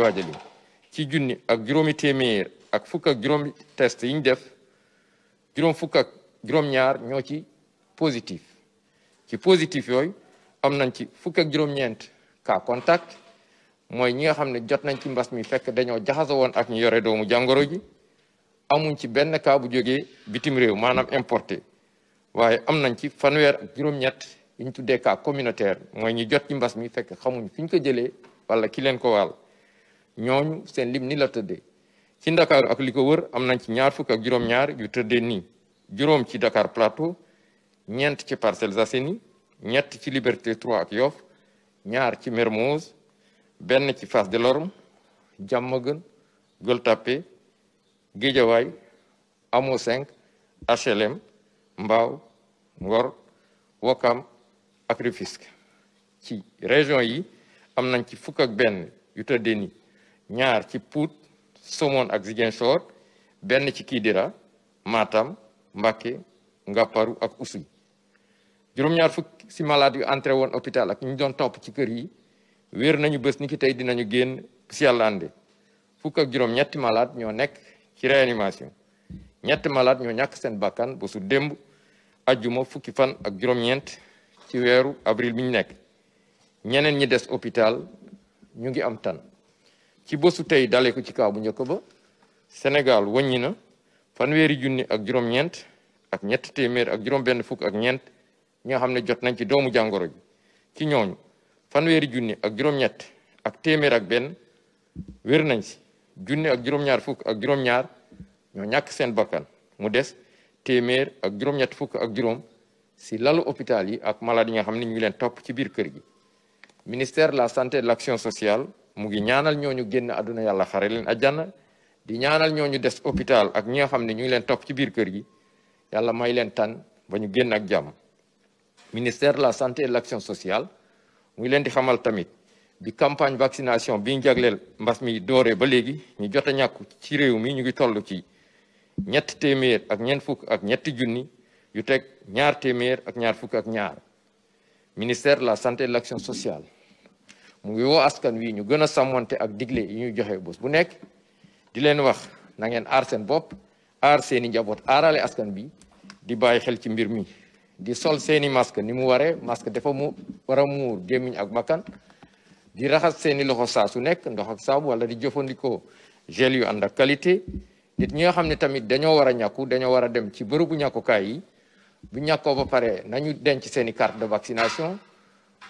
waajali ci junni ak juróomi téeméer ak fukk ak juróomi test yi ñu def juróom fukk juróom-ñaar ñoo ci positif ci positif yooy am nañ ci fukk ak juróom-ñeent cas contact mooy ñi nga xam ne jot nañ ci mbas mi fekk dañoo jaxasoo woon ak ñu yore doomu jàngoro ji amuñ ci benn cas bu jógee bitim réew maanaam importé waaye am nañ ci fanweer ak juróom-ñett yi tuddee cas communautaire mooy ñi jot ci mbas mi fekk xamuñ fi ko jëlee wala ki leen ko wàll ñooñu seen lim ni la tëdde ci Ndakaaru ak li ko wër am nañ ci ñaar fukk ak juróom-ñaar yu tëddee nii juróom ci dakaar Plateau ñeent ci Parcelles Assainies ñett ci Liberté 3 ak Yoff ñaar ci Mermoz benn ci fas Delorme Diamaguène Gueule Tapée Guédiawaye Hamo 5 HLM Mbao Ngor Ouakam ak ci région yi am nañ ci fukk ak benn yu tëddee nii ñaar ci Pout Somone ak Ziguinchor benn ci Kidira Matam Mbacké Ngaparou ak Oussouye juróom-ñaar fukk si malade yu entré woon hôpital ak ñu doon topp ci kër yi wéer nañu bës ni ki tey dinañu génn si yàlla ànde fukk ak juróom ñetti malade ñoo nekk ci réanimation ñetti malade ñoo ñàkk seen bakkan ba su démb ajjuma fukki fan ak juróom-ñeent ci weeru avril bi ñu nekk ñeneen ñi des hôpital ñu ngi am tan ci bësu tey dale ko ci kaw bu njëkk ba Sénégal wàññi na fanweeri junni ak juróom-ñeent ak ñett téeméer ak juróom-benn fukk ak ñeent ñi nga xam ne jot nañ ci doomu jàngoro ji ci ñooñu fanweeri junni ak juróom-ñett ak téeméer ak benn wér nañ ci junni ak juróom-ñaar fukk ak juróom-ñaar ñoo ñàkk seen bakkan mu des téeméer ak juróom-ñett fukk ak juróom si lalu hôpital yi ak malade yi nga xam ne ñu ngi leen topp ci biir kër gi ministère la santé de l'action social mu ngi ñaanal ñoo ñu génn àdduna yàlla xare leen àjjana di ñaanal ñoo ñu des hôpital ak ñi nga xam ne ñu ngi leen topp ci biir kër gi yàlla may leen tan ba ñu génn ak jam ministère de la santé et de l'action sociale mu ngi leen di xamal tamit bi campagne vaccination bi ñu jagleel mbas mi dooree ba léegi ñu jot a ñàkku ci réew mi ñu ngi toll ci ñett téeméer ak ñeent fukk ak ñetti junni yu teg ñaar téeméer ak ñaar fukk ak ñaar ministère de la santé et de l'action sociale mu ngi woo askan wi ñu gën a sàmmante ak digle yi ñuy joxe bos bu nekk di leen wax na ngeen aar seen bopp aar seeni njaboot aarale askan bi di bàyyi xel ci mbir mi di sol seeni masque ni mu waree masque dafa mu war a muur gémmiñ ak bakkan di raxas seeni loxo saa su nekk ndox ak saabu wala di jëfandikoo gel yu ànd ak qualité nit ñi nga xam ne tamit dañoo war a ñàkku dañoo war a dem ci bërëbu ñàkkukaay yi bu ñàkkoo ba pare nañu denc seeni carte de vaccination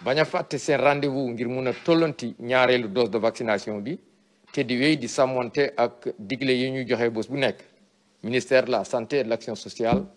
bañ a fàtte seen rendez-vous ngir mun a tollanti ñaareelu dose de vaccination bi te di wéy di sàmmonte ak digle yi ñuy joxe bos bu nekk ministère de la santé et de l'action sociale